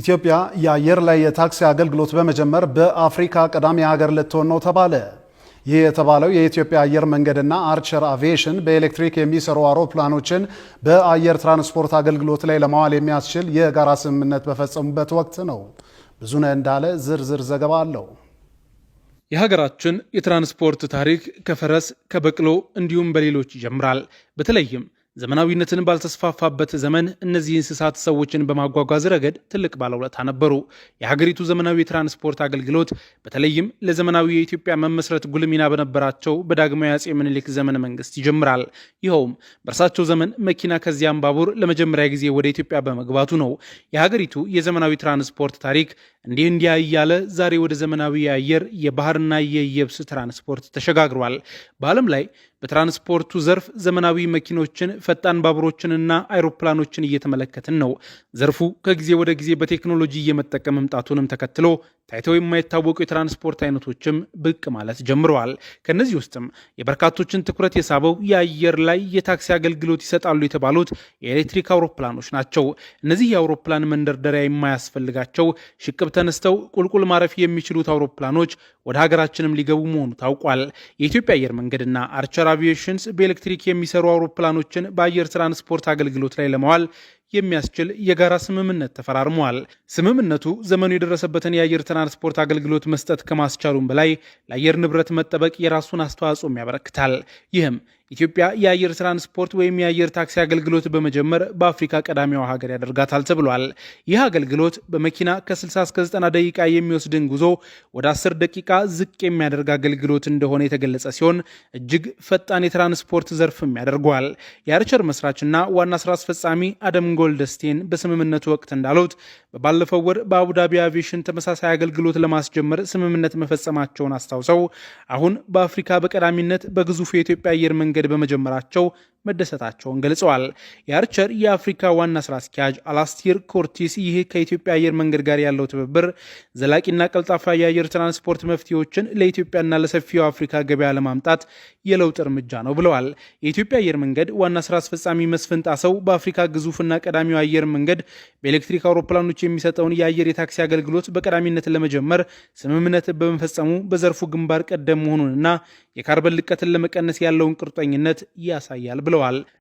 ኢትዮጵያ የአየር ላይ የታክሲ አገልግሎት በመጀመር በአፍሪካ ቀዳሚ ሀገር ልትሆን ነው ተባለ። ይህ የተባለው የኢትዮጵያ አየር መንገድና አርቸር አቪዬሽን በኤሌክትሪክ የሚሰሩ አውሮፕላኖችን በአየር ትራንስፖርት አገልግሎት ላይ ለማዋል የሚያስችል የጋራ ስምምነት በፈጸሙበት ወቅት ነው። ብዙነ እንዳለ ዝርዝር ዘገባ አለው። የሀገራችን የትራንስፖርት ታሪክ ከፈረስ ከበቅሎ እንዲሁም በሌሎች ይጀምራል። በተለይም ዘመናዊነትን ባልተስፋፋበት ዘመን እነዚህ እንስሳት ሰዎችን በማጓጓዝ ረገድ ትልቅ ባለውለታ ነበሩ። የሀገሪቱ ዘመናዊ የትራንስፖርት አገልግሎት በተለይም ለዘመናዊ የኢትዮጵያ መመስረት ጉልህ ሚና በነበራቸው በዳግማዊ አፄ ምኒልክ ዘመነ መንግስት ይጀምራል። ይኸውም በእርሳቸው ዘመን መኪና ከዚያም ባቡር ለመጀመሪያ ጊዜ ወደ ኢትዮጵያ በመግባቱ ነው። የሀገሪቱ የዘመናዊ ትራንስፖርት ታሪክ እንዲህ እንዲያ እያለ ዛሬ ወደ ዘመናዊ የአየር የባህርና የየብስ ትራንስፖርት ተሸጋግሯል። በዓለም ላይ በትራንስፖርቱ ዘርፍ ዘመናዊ መኪኖችን ፈጣን ባቡሮችንና አይሮፕላኖችን እየተመለከትን ነው። ዘርፉ ከጊዜ ወደ ጊዜ በቴክኖሎጂ እየመጠቀ መምጣቱንም ተከትሎ ታይተው የማይታወቁ የትራንስፖርት አይነቶችም ብቅ ማለት ጀምረዋል። ከእነዚህ ውስጥም የበርካቶችን ትኩረት የሳበው የአየር ላይ የታክሲ አገልግሎት ይሰጣሉ የተባሉት የኤሌክትሪክ አውሮፕላኖች ናቸው። እነዚህ የአውሮፕላን መንደርደሪያ የማያስፈልጋቸው ሽቅብ ተነስተው ቁልቁል ማረፍ የሚችሉት አውሮፕላኖች ወደ ሀገራችንም ሊገቡ መሆኑ ታውቋል። የኢትዮጵያ አየር መንገድና አርቸር አቪዬሽንስ በኤሌክትሪክ የሚሰሩ አውሮፕላኖችን በአየር ትራንስፖርት አገልግሎት ላይ ለመዋል። የሚያስችል የጋራ ስምምነት ተፈራርመዋል። ስምምነቱ ዘመኑ የደረሰበትን የአየር ትራንስፖርት አገልግሎት መስጠት ከማስቻሉም በላይ ለአየር ንብረት መጠበቅ የራሱን አስተዋጽኦም ያበረክታል። ይህም ኢትዮጵያ የአየር ትራንስፖርት ወይም የአየር ታክሲ አገልግሎት በመጀመር በአፍሪካ ቀዳሚዋ ሀገር ያደርጋታል ተብሏል። ይህ አገልግሎት በመኪና ከ60 እስከ 90 ደቂቃ የሚወስድን ጉዞ ወደ 10 ደቂቃ ዝቅ የሚያደርግ አገልግሎት እንደሆነ የተገለጸ ሲሆን እጅግ ፈጣን የትራንስፖርት ዘርፍም ያደርገዋል። የአርቸር መስራችና ዋና ስራ አስፈጻሚ አደም ጎልደስቴን በስምምነቱ ወቅት እንዳሉት በባለፈው ወር በአቡዳቢ አቪዬሽን ተመሳሳይ አገልግሎት ለማስጀመር ስምምነት መፈጸማቸውን አስታውሰው አሁን በአፍሪካ በቀዳሚነት በግዙፉ የኢትዮጵያ አየር መንገድ መንገድ በመጀመራቸው መደሰታቸውን ገልጸዋል። የአርቸር የአፍሪካ ዋና ስራ አስኪያጅ አላስቲር ኮርቲስ ይህ ከኢትዮጵያ አየር መንገድ ጋር ያለው ትብብር ዘላቂና ቀልጣፋ የአየር ትራንስፖርት መፍትሄዎችን ለኢትዮጵያና ለሰፊው አፍሪካ ገበያ ለማምጣት የለውጥ እርምጃ ነው ብለዋል። የኢትዮጵያ አየር መንገድ ዋና ስራ አስፈጻሚ መስፍን ጣሰው በአፍሪካ ግዙፍና ቀዳሚው አየር መንገድ በኤሌክትሪክ አውሮፕላኖች የሚሰጠውን የአየር የታክሲ አገልግሎት በቀዳሚነት ለመጀመር ስምምነት በመፈጸሙ በዘርፉ ግንባር ቀደም መሆኑንና የካርበን ልቀትን ለመቀነስ ያለውን ቁርጠኝነት ያሳያል ብለዋል። global